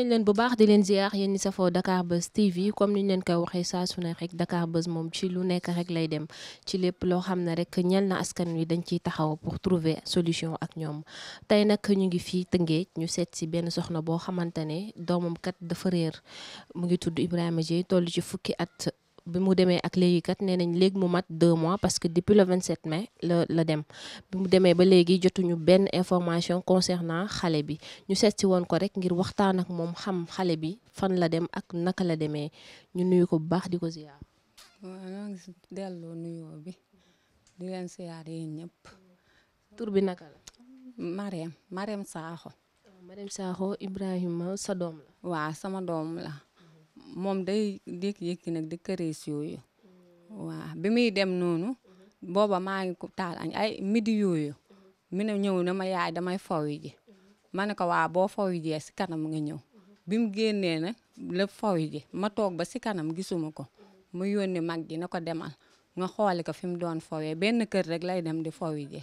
nañ leen bu baax di leen ziar yéen ñi safoo Dakar Buzz TV comme niñ leen koy waxee saa su ne rek Dakar Buzz moom ci lu nekk rek lay dem ci lépp loo xam ne rek ñel na askan wi dañ ciy taxaw pour trouver solution ak ñoom tey nag ñu ngi fii Tëngéej ñu seet si benn soxna boo xamante ne doomam kat dafa réer mu ngi tudd Ibrahima Dieye toll ci fukki at bi mu demee ak léegi kat nee nañ léegi mu mat deux mois parce que depuis le 27 mai la la dem bi mu demee ba léegi jotuñu benn information concernant xale bi ñu seet si woon ko rek ngir waxtaan ak moom xam xale bi fan la dem ak naka la demee ñu nuyu ko bu baax di ko ziyaar. waaw ñoo ngi delloo nuyoo bi di leen ziyaar yéen ñëpp. tur bi naka la. Marème Marème Sakho. Marème Sakho Ibrahima sa doom la. waaw sama doom la. moom day jékki-jékki nag di kërees yooyu waaw bi muy dem noonu booba maa ngi ko taal añ ay midi yooyu mi ne ñëw na ma yaay damay fawi ji ma ne ko waa boo fawi jee si kanam nga ñëw bi mu génnee nag la fawi ji ma toog ba si kanam gisuma ko mu yónni mag ji na ko demal nga xooli ko fi mu doon fawee benn kër rek lay dem di fawi ji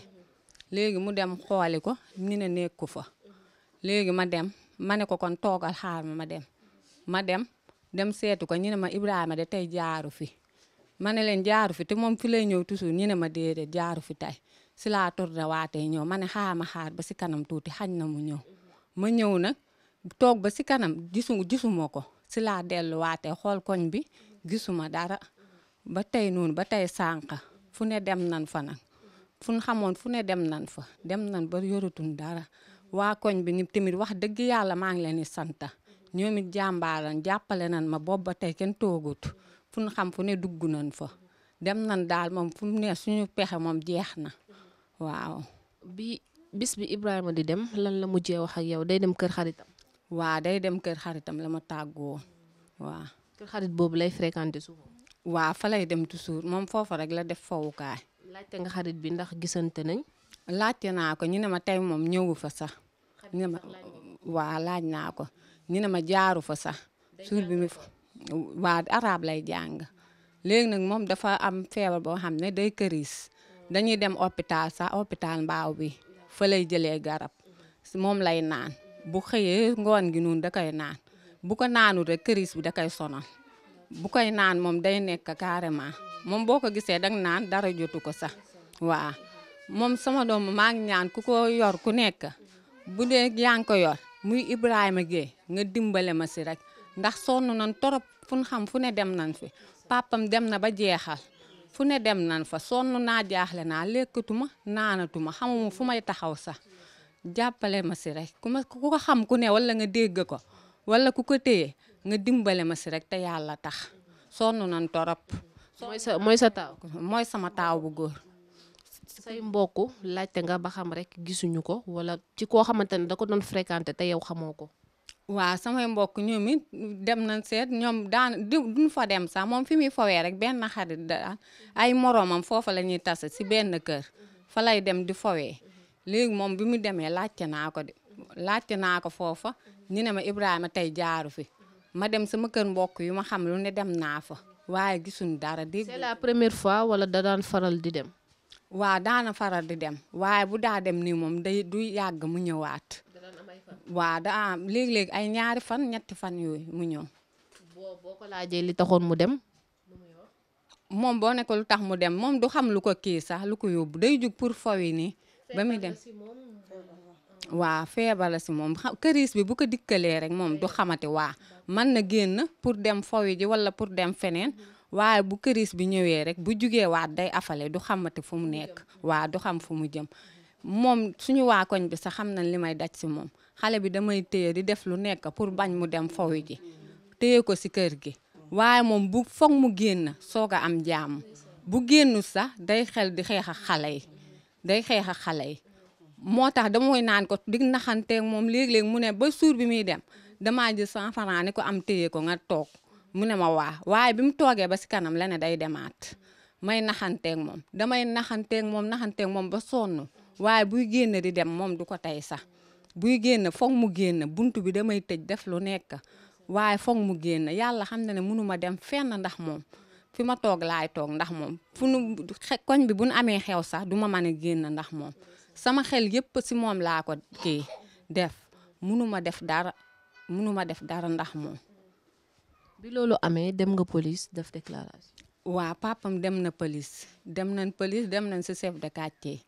léegi mu dem xooli ko ni ne nekku fa léegi ma dem ma ne ko kon toogal xaar ma ma dem ma dem dem seetu ko ñu ne ma Ibrahima de tey jaaru fi ma ne leen jaaru fi te moom fi lay ñëw toujours ñu ne ma déedéet jaaru fi tey si laa tourné waatee ñëw ma ne xaar xaar ba si kanam tuuti xañ na mu ñëw ma ñëw nag toog ba si kanam gisu gisuma ko si laa delluwaatee xool koñ bi gisuma dara ba tey noonu ba tey sànq fu ne dem nan fa nag fu xamoon fu ne dem nan fa dem nan ba yoratun dara waa koñ bi ñu tamit wax dëgg yàlla maa ngi leen di sant ñoom jàmbaaram jàppale nan ma boobu ba tey kenn toogut fu ñu xam fu ne dugg nañ fa dem nan daal moom fu mu suñu pexe moom jeex na waaw. bi bis bi Ibrahima di dem lan la mujjee wax ak yow day dem kër xaritam. waa day dem kër xaritam la ma tàggoo waa kër xarit boobu lay fréquenté souvent. waa fa lay dem toujours moom foofa rek la def fowukaay. laajte nga xarit bi ndax gisante nañ. laajte naa ko ñu ne ma tey moom ñëwu fa sax. ñu waa laaj naa ko. ñu ne ma jaaru fa sax suur bi mu waa araab lay jàng léegi nag moom dafa am feebar boo xam ne day këriis mm. dañuy dem hôpital sax hôpital mbaaw bi fa lay jëlee garab mm-hmm. moom lay naan bu xëyee ngoon gi noonu da koy naan bu ko naanu rek këriis bi da koy sonal bu koy naan moom day nekk carrément moom boo ko gisee dag naan dara jotu ko sax waaw moom sama doomu maa ngi ñaan ku ko yor ku nekk mm-hmm. bu dee yaa ngi ko yor muy Ibrahima Gueye nga dimbale ma si rek ndax sonn nan torop fu ñu xam fu ne dem nan fi papam dem na ba jeexal fu ne dem nan fa sonn naa jaaxle naa lekkatuma naanatuma xamuma fu may taxaw sax jàppale ma si rek ku ma ku ko xam ku ne wala nga dégg ko wala ku ko téye nga dimbale ma si rek te yàlla tax sonn nan torop mooy sa mooy sa taaw sama taaw bu góor say mbokk laajte nga ba xam rek gisuñu ko wala ci koo xamante ne da ko doon fréquenté te yow xamoo ko. waaw samay mbokk ñoom dem nañ seet ñoom daan duñ fa dem sax moom fi muy fowee rek benn xarit daal ay moroomam foofa la ñuy tase si benn kër fa lay dem di fowee léegi moom bi mu demee laajte naa ko de laajte naa ko foofa ñu ne ma Ibrahima tey jaaru fi ma dem sama kër mbokk yu ma xam lu ne dem naa fa waaye gisuñ dara. di c'est la première fois wala da daan faral di dem. waaw daana faral di dem waaye bu daa dem nii moom day du yàgg mu ñëwaat. waaw daa ah, léeg-léeg ay ñaari fan ñetti fan yooyu mu ñëw. boo boo ko laajee li taxoon mu dem. moom boo ne lu tax mu dem moom du xam lu ko kii sax lu ko yóbbu day jug pour fawi nii. ba mu dem waaw feebar la si moom këriis bi bu ko dikkalee rek moom du xamati waa man na génn pour dem fawi ji wala pour dem feneen. waaye bu këriis bi ñëwee rek bu jugee waat day afale du xamati fu mu nekk waa du xam fu mu jëm moom suñu waa koñ bi sax xam nañ li may daj si moom xale bi damay téye di def lu nekk pour bañ mu dem fowi ji téye ko si kër gi waaye moom bu foog mu génn soog a am jàmm bu génnu sax day xel di xeex xale yi day xeex xale yi moo tax damay naan ko di naxanteeg moom léeg mu ne ba suur bi muy dem damaa jël cent francs ni ko am téye ko nga toog mu ne ma waa waaye bi mu toogee ba si kanam la ne day demaat may naxanteeg moom damay naxanteeg moom naxanteeg moom ba sonn waaye buy génn di dem moom du ko tey sax buy génn foog mu génn buntu bi damay tëj def lu nekk waaye foog mu génn yàlla xam na ne mënuma dem fenn ndax moom fi ma toog laay toog ndax moom fu nu koñ bi bu nu amee xew sax du ma mën a génn ndax moom sama xel yëpp si moom laa ko kii def mënuma def dara mënuma def dara ndax moom bi loolu amee dem nga police def déclaration. waaw papam dem na police dem nañ police dem nañ si chef de quartier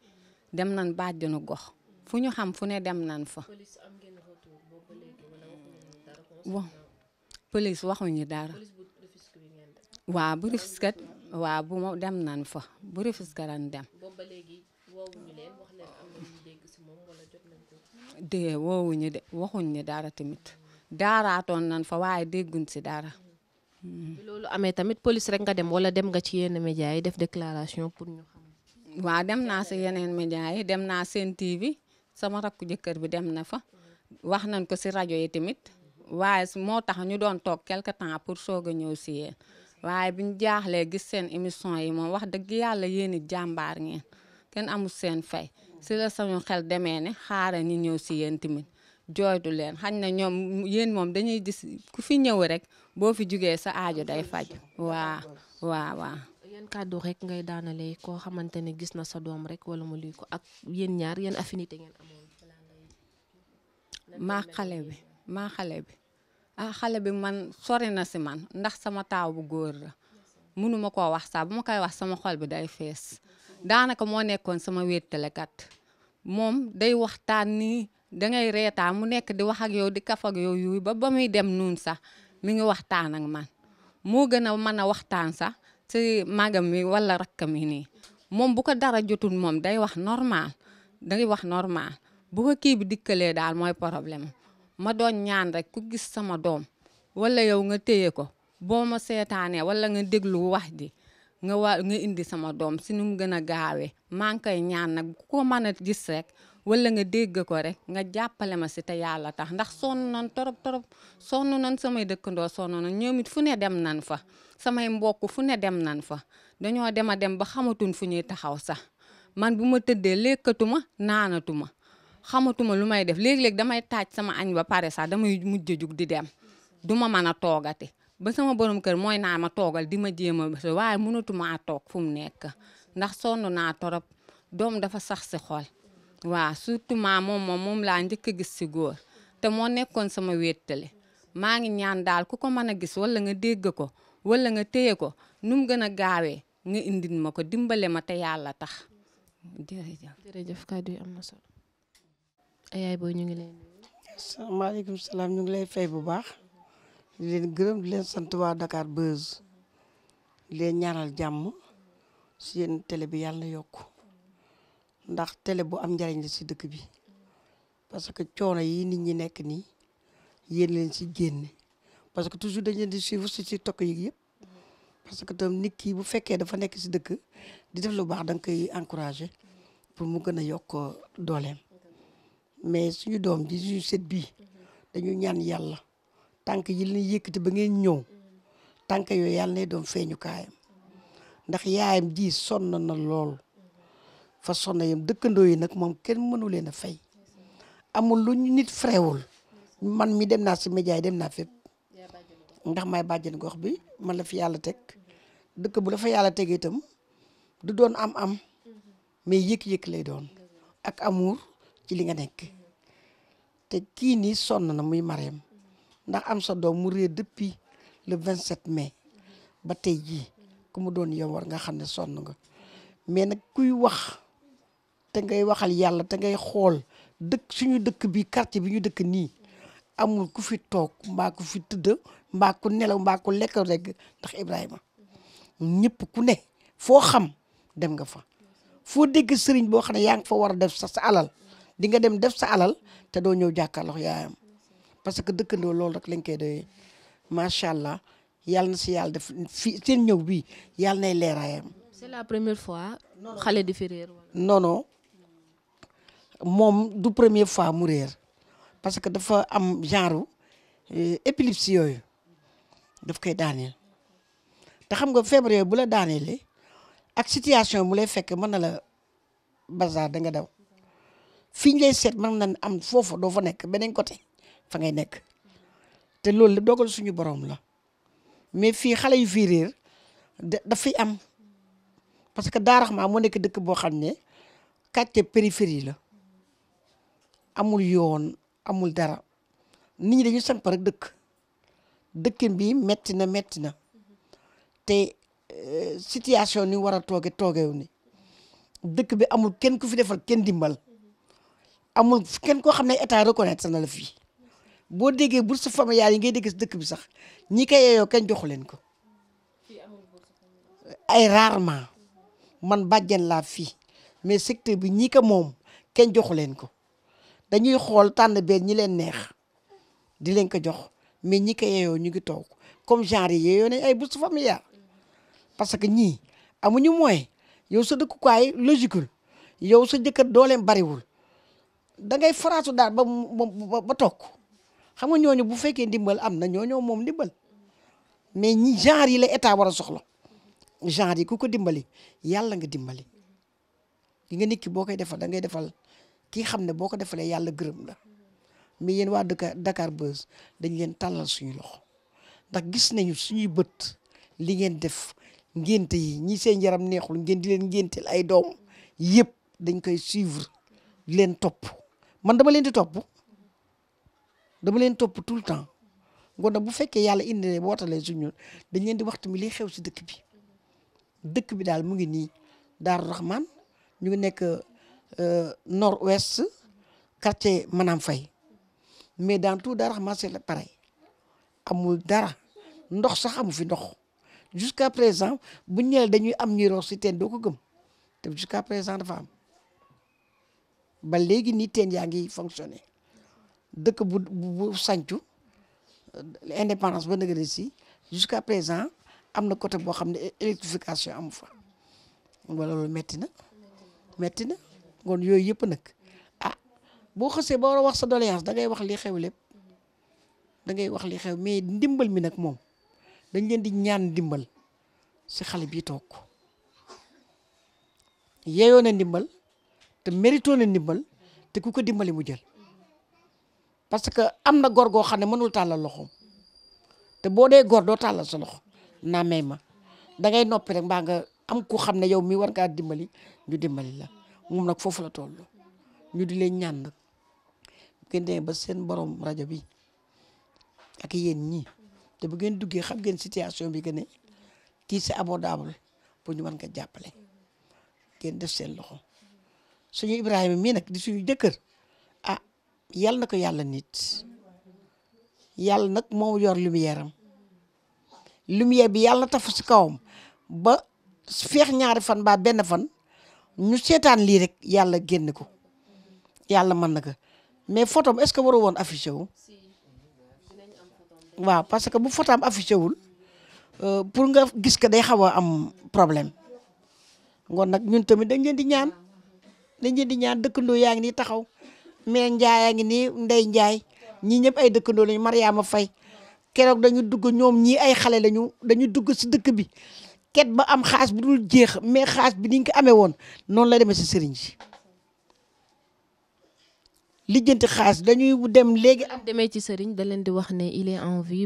dem nañ bàjjenu gox fu ñu xam fu ne dem nañ fa. bon police waxuñu bu Rufisque dem nañ fa bu Rufisque lañ dem. de de waxuñu dara tamit. daaraatoon nan fa waaye dégguñ si dara. loolu amee tamit police rek nga dem wala dem nga ci yenn média yi def déclaration pour ñu waaw dem naa si yeneen média yi dem naa seen TV sama rakku jëkkër bi dem na fa. wax nañ ko si rajo yi tamit. waaye moo tax ñu doon toog quelque temps pour soog a ñëw si yéen. waaye bi jaaxlee gis seen émission yi moom wax dëgg yàlla yéen it jàmbaar ngeen kenn amul seen fay si la sañu xel demee ne xaaral ñu ñëw si yéen tamit. du leen xañ na ñoom yéen moom dañuy gis ku fi ñëwee rek boo fi jugee sa aajo day faj waa waa waa yéen kàddu rek ngay daanale koo xamante ne gis na sa doom rek wala mu luy ko ak yéen ñaar yéen affinité ngeen amoon maa xale bi maa xale bi ah xale bi man sori na si man ndax sama taaw bu góor la mënuma koo wax saa bu ma koy wax sama xol bi day fees daanaka moo nekkoon sama wéttalekat moom day waxtaan nii dangay reetaa mu nekk di wax ak yow di kaf ak yow yuy ba ba muy dem nuun sax mi ngi waxtaan ak man moo gën a mën a waxtaan sax si magam mi wala rakkam mi moom bu ko dara jotul moom day wax normal day wax normal bu ko kii bi dikkalee daal mooy problème ma doon ñaan rek ku gis sama doom wala yow nga téye ko boo ma seetaanee wala nga déglu wax ji nga wa nga indi sama doom si nu mu gën a gaawee maa koy ñaan nag ku ko mën a gis rek wala nga dégg ko rek nga jàppale ma si te yàlla tax ndax sonn nan torop torop sonn nan samay dëkkandoo sonn nan ñoom it fu ne dem nan fa samay mbokk fu ne dem nan fa dañoo dem a dem ba xamatuñ fu ñuy taxaw sax man bu ma tëddee lekkatuma naanatuma xamatuma lu may def léeg-léeg damay taaj sama añ ba pare sax damay mujj jug di dem du ma mën a toogati ba sama borom kër mooy naa ma toogal di ma jéem a waaye mënatumaa toog fu mu nekk ndax sonn naa torop doom dafa sax si xol waaw surtout ma moom moom moom laa njëkk a gis si góor te moo nekkoon sama wéttale maa ngi ñaan daal ku ko mën a gis wala nga dégg ko wala nga téye ko nu mu gën a gaawee nga indil ma ko dimbale ma te yàlla tax jërëjëf. jërëjëf kàddu yi am na solo. yaay booy ñu ngi lay nuyu. asalaamaaleykum salaam ñu ngi lay fay bu baax. di leen gërëm di leen sant waa Dakar Buzz. di leen ñaanal jàmm. si yéen tele bi yàlla na yokku. ndax tele bu am njariñ la si dëkk bi parce que coono yi nit ñi nekk nii yéen leen ci génne parce que toujours dañ leen di suivre si ci tokk yi yëpp parce que tam nit ki bu fekkee dafa nekk si dëkk di def lu baax da nga koy encourager pour mu gën a yokk dooleem mais suñu doom ji suñu set bi dañu ñaan yàlla tànk yi lañuy yëkkati ba ngeen ñëw tànk yooyu yàlla ne doom feeñu kaayam ndax yaayam ji sonn na lool fa sonn yam dëkkandoo yi nag moom kenn mënu leen a fay amul lu ñu nit fréwul man mi dem naa si média dem naa fépp ndax may bàjjen gox bi man la fi yàlla teg dëkk bu la fa yàlla teg itam du doon am-am mais yëkk-yëkk lay doon ak amour ci li nga nekk te kii nii sonn na muy mareem ndax am sa doom mu réer depuis le 27 mais ba tey jii ku mu doon yow war nga xam ne sonn nga mais nag kuy wax te ngay waxal yàlla te ngay xool dëkk suñu dëkk bi quartier bi ñu dëkk nii amul ku fi toog mbaa fi tëdd mbaa ku nelaw mbaa ku lekk rek ndax Ibrahima ñëpp ku ne foo xam dem nga fa foo dégg sëriñ boo xam ne yaa ngi fa war a def sa sa alal di nga dem def sa alal te doo ñëw jàkkaarloo yaayam parce que dëkkandoo loolu rek lañ koy doyee macha allah yàlla na si yàlla def seen ñëw bi yàlla nay leeraayam. c'est la moom du première fois mu réer parce que dafa am genre euh, épilepsie yooyu daf koy daaneel te xam nga feebar yooyu bu la daaneelee ak situation bu lay fekk mën na la bazar da nga daw fi ñu lay seet mën na am foofu doo fa nekk beneen côté fa ngay nekk te loolu la dogal suñu borom la mais fii xale yu fii réer dafay am parce que daarax maa moo nekk dëkk boo xam ne quartier périphérie la amul yoon amul dara nit ñi dañu samp rek dëkk dëkkin bi metti na metti na te eh, situation ni war a tooge toogewu ni dëkk bi amul kenn ku fi defal kenn dimbal amul kenn koo xam ne état reconnaître na la fii boo déggee bourse familiale yi ngay dégg si dëkk bi sax ñi koy yeeyoo kenn joxu leen ko ay rarement man bàjjen laa fii mais secteur bi ñii ko moom kenn joxu leen ko dañuy xool tànn benn ñi leen neex di leen ko jox mais ñi ko yeeyoo ñu ngi toog comme genre yi yeeyoo nañ ay bourse familiale parce que ñii amuñu moyen yow sa dëkkukaay logique yow sa jëkkër dooleem bariwul da ngay faratu daal ba ba toog xam nga ñooñu bu fekkee ndimbal am na ñooñoo moom ndimbal mais ñi genre yi la état war a soxla genre yi ku ko dimbali yàlla nga dimbali li nga nit ki boo koy defal da ngay defal kii xam ne boo ko defalee yàlla gërëm la mais yéen waa Dakar Dakar Buzz dañ leen tàllal suñu loxo ndax gis nañu suñuy bët li ngeen def ngénte yi ñi seen yaram neexul ngeen di leen ngénteel ay doom yëpp dañ koy suivre di leen topp man dama leen di topp dama leen topp tout le temps ngoon nag bu fekkee yàlla indi ne wootalee suñu dañ leen di waxtu mi liy xew si dëkk bi dëkk bi daal mu ngi nii Daaru Rahman ñu ngi nekk Euh, nord-ouest quartier Manam fay mais dans tout dara Darou la pareil amul dara ndox sax amu fi ndox jusqu'à présent bu ñeel dañuy am ñuy roos si teen doo gëm te jusqu'à présent dafa am ba léegi nii teen yaa ngi fonctionner dëkk bu bu sancu indépendance ba nëgëri si jusqu'à présent am na côté boo xam ne électrification amu fa wala loolu metti na metti na kon yooyu yëpp nag ah boo xësee ba war a wax sa doléance da ngay wax lii xew lépp da ngay wax lii xew mais ndimbal mi nag moom dañ leen di ñaan ndimbal si xale bi toog yeeyoo na ndimbal te mérito na ndimbal te ku ko dimbali mu jël parce que am na góor goo xam ne mënul tàllal loxoom te boo dee góor doo sa loxo naa ma da ngay noppi rek mbaa nga am ku xam ne yow mi war ngaa dimbali ñu dimbali la moom nag foofu la toll ñu di leen ñaan nag bu ngeen demee ba seen borom rajo bi ak yéen ñi te bu ngeen duggee xam geen situation bi que ne kii c'est abordable pour ñu mën ko jàppale ngeen def seen loxo suñu Ibrahima mii nag di suñu jëkkër ah yàlla na ko yàlla nit yàlla nag moo yor lumière am lumière bi yàlla tafu si kawam ba feex ñaari fan ba benn fan. ñu seetaan lii rek yàlla génn ko yàlla mën na ko mais photo est-ce que waroo woon affiché wu waaw parce que bu photo am wul euh, pour nga gis ko day xaw a am problème ngoon nag ñun tamit dañ leen di ñaan dañ leen di ñaan dëkkandoo yaa ngi nii taxaw mais Njaay yaa ngi nii Ndey Njaay ñii ñëpp ay dëkkandoo lañu Mariama Fay keroog dañu dugg ñoom ñii ay xale lañu dañu dugg si dëkk bi ket ba am xaas bu dul jeex mais xaas bi ni nga ko amee woon noonu la demee si sëriñ si lijjanti xaas dañuy dem léegi. am demee ci sëriñ da leen di wax ne il est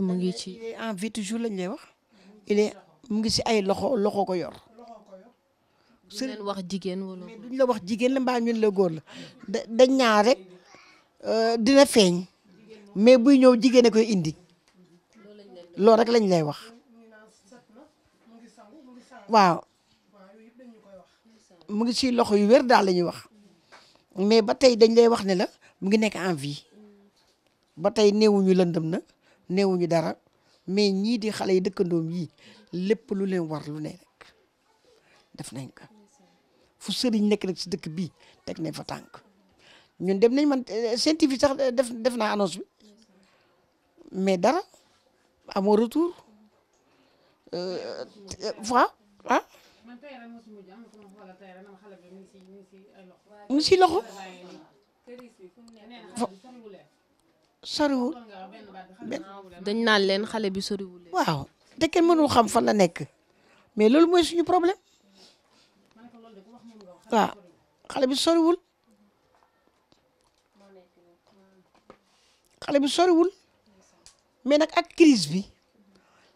mu ngi ci. il en vie toujours lañ lay wax il mu ngi si ay loxo loxo ko yor. duñ wax jigéen wala la wax jigéen la mbaa ñun la góor la da dañ ñaar rek euh, dina feeñ mais buy ñëw jigéen a koy indi loolu rek lañ lay wax. waaw mu ngi si loxo yu wér daal la ñuy wax mais ba tey dañ lay wax ne la mu ngi nekk en vie ba tey néewuñu lëndëm na néewuñu dara mais ñii di xale yi dëkkandoom yii lépp lu leen war lu ne rek def nañ ko fu sëriñ nekk rek si dëkk bi teg nañ fa tànk ñun dem nañ man eh, scientifique sax def def naa annonce mais dara amoo retour. fois euh, ah. mu si loxo. soriwul. dañ naan leen xale bi soriwul. waaw te kenn mënul xam fan la nekk mais loolu mooy suñu problème waaw xale bi soriwul xale bi soriwul mais nag ak crise bi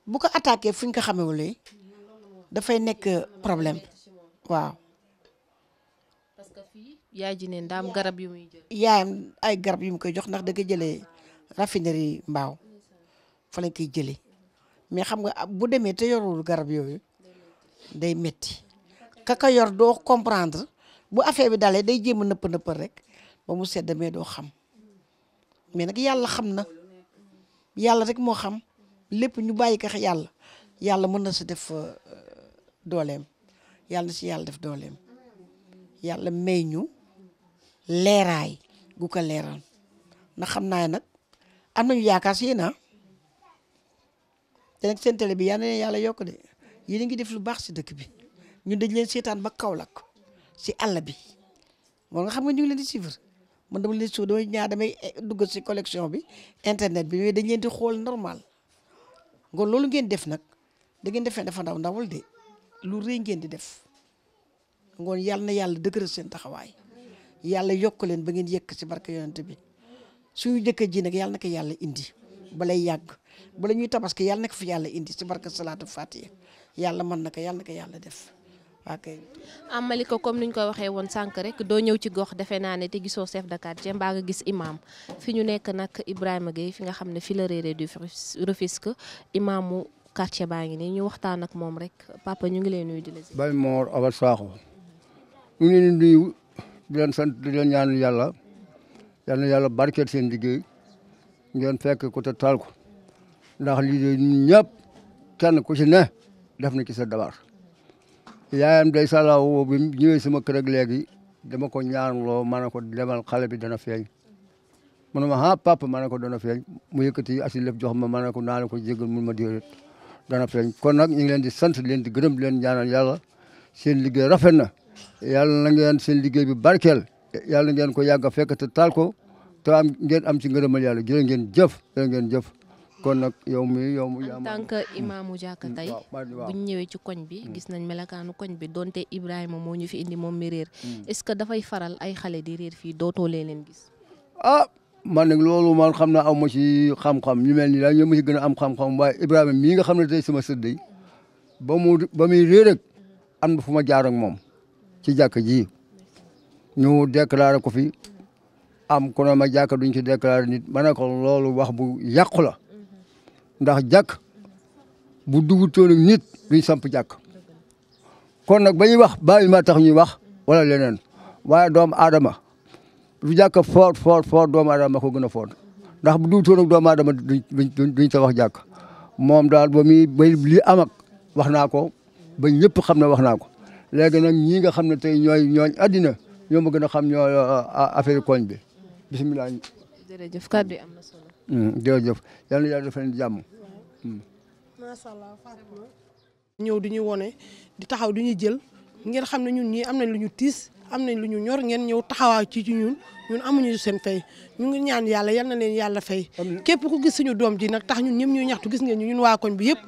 bu ko attaqué fu ñu ko xamewulee dafay nekk problème waaw. parce que fii yaay ji ndaam garab yu yaayam ay garab yu mu koy jox ndax da ko jëlee raffinerie mbaaw fa lañ koy jële mais xam nga bu demee te yorul garab yooyu day métti ka yor doo comprendre bu affaire bi dalee day jéem a nëpp nëppal rek ba mu sedd mais doo xam mais nag yàlla xam na yàlla rek moo xam lépp ñu bàyyi ko yàlla yàlla mën na si def. Euh, dooleem yàlla na ci yàlla def dooleem yàlla may ñu leeraay gu ko leeral ndax xam naa nag am na ñu yaakaar si naa ah. te nag seen télé bi yal na yàlla yokk de yéen a ngi def lu baax si dëkk bi ñu dañ leen seetaan ba Kaolack si àll bi moo nga xam nga ñu ngi leen di suivre man dama leen suivre damay ñaar damay eh, dugg si collection bi internet bi mais dañ leen di xool normal nga loolu ngeen def nag da ngeen defee dafa ndaw ndawul de. lu rëy ngeen di def ngoon yàlla na yàlla dëgëral seen taxawaay yàlla yokk leen ba ngeen yëkk ci barke yonent bi su jëkk ji nag yàlla na ko yàlla indi balay yàgg bala ñuy tabaski yàlla na ko fi yàlla indi ci barke salaatu fatiha yàlla mën na ko yàlla na yàlla def waa kay amali ko comme niñ koy waxee woon sànq rek doo ñëw ci gox defe naa ne te gisoo seef de quartier mbaa nga gis imam fi ñu nekk nag Ibrahima Gueye fi nga xam ne fi la réeré du Rufisque imaamu quartier baa ngi nii ñu waxtaan ak moom rek papa ñu ngi lay nuyu di la ziar. Baye Mor Awa Sakho ñu ngi leen di nuyu di leen sant di leen ñaanal yàlla yal na yàlla seen liggéey ngeen fekk ko te taal ko ndax lii de ñëp kenn ku ci ne def na ci sa dabar yaayam day salaaw woo bi ñëwee sama kër ak léegi dama ko ñaanloo ma ne ko demal xale bi dana feeñ. mu ne ma ah papa ma ne ko dana feeñ mu yëkkati asilëf jox ma ma ne ko naa la ko jégal mun ma déedéet dana feeñ kon nag ñu ngi leen di sant leen di gërëm di leen ñaanal yàlla seen liggéey rafet na yàlla na ngeen seen liggéey bi barkeel yàlla ngeen ko yàgg a fekk te taal ko te am ngeen am ci ngërëmal yàlla jërë ngeen jëf jërë ngeen jëf. kon nag yow mu yow mu en tant que imaamu jàkka hmm, tey bu ñu ñëwee ci koñ bi hmm. gis nañ melakaanu koñ bi donte Ibrahima moo ñu fi indi moom mi réer hmm. est-ce que dafay faral ay xale di réer fii dootoo lee leen gis. Ah, man nag loolu man xam na aw ma ci xam-xam ñu mel ni daal ñoom ma ci gën a am xam-xam waaye Ibrahima mii nga xam ne tey sama sëdd ba mu ba muy réer am na fu ma jaar moom ci jàkk ji ñu déclaré ko fi am ku ne ma jàkk duñ ci déclaré nit ma ne ko loolu wax bu yàqu la ndax jàkk bu dugutoon ak nit duñ samp jàkk kon nag ba ñuy wax bàyyi ma tax ñuy wax walla leneen waaye doomu aadama lu jàkka foor foor foor doomu aadama ko gën a foor ndax bu duutoon ak doomu aadama duñ duñ wax jàkk moom daal ba muy ba li am wax naa ko ba ñépp xam ne wax naa ko léegi nag ñii nga xam ne tey ñooy ñooñ addina ñoo ma gën a xam ñoo euh, euh, affaire koñ bi bisimilah. jërëjëf kàddu am na solo. Hmm, yal na yàlla hmm. allah ñëw di ñu wone di taxaw di ñu jël ngeen xam ne ñun ñii am nañ lu ñu tiis. am nañ lu ñu ñor ngeen ñëw taxawaaw ci ci ñun ñun amuñu seen fay ñu ngi ñaan yàlla yal na leen yàlla fay képp ku gis suñu doom ji nag tax ñun ñëpp ñuy ñaxtu gis ngeen ñu ñun waa koñ bi yëpp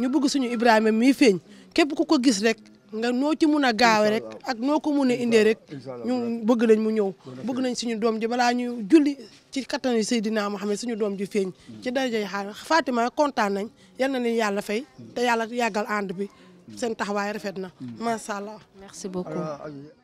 ñu bëgg suñu Ibrahima mii feeñ képp ku ko gis rek nga noo ci mun a gaawe rek ak noo ko mun a indee rek ñu bëgg nañ mu ñëw bëgg nañ suñu doom ji balaa ñu julli ci kattanu Seydina Mohamed suñu doom ji feeñ ci darajay xaar Fatima kontaan nañ yal yàlla fay te yàlla yàggal ànd bi seen taxawaay rafet na mm. macha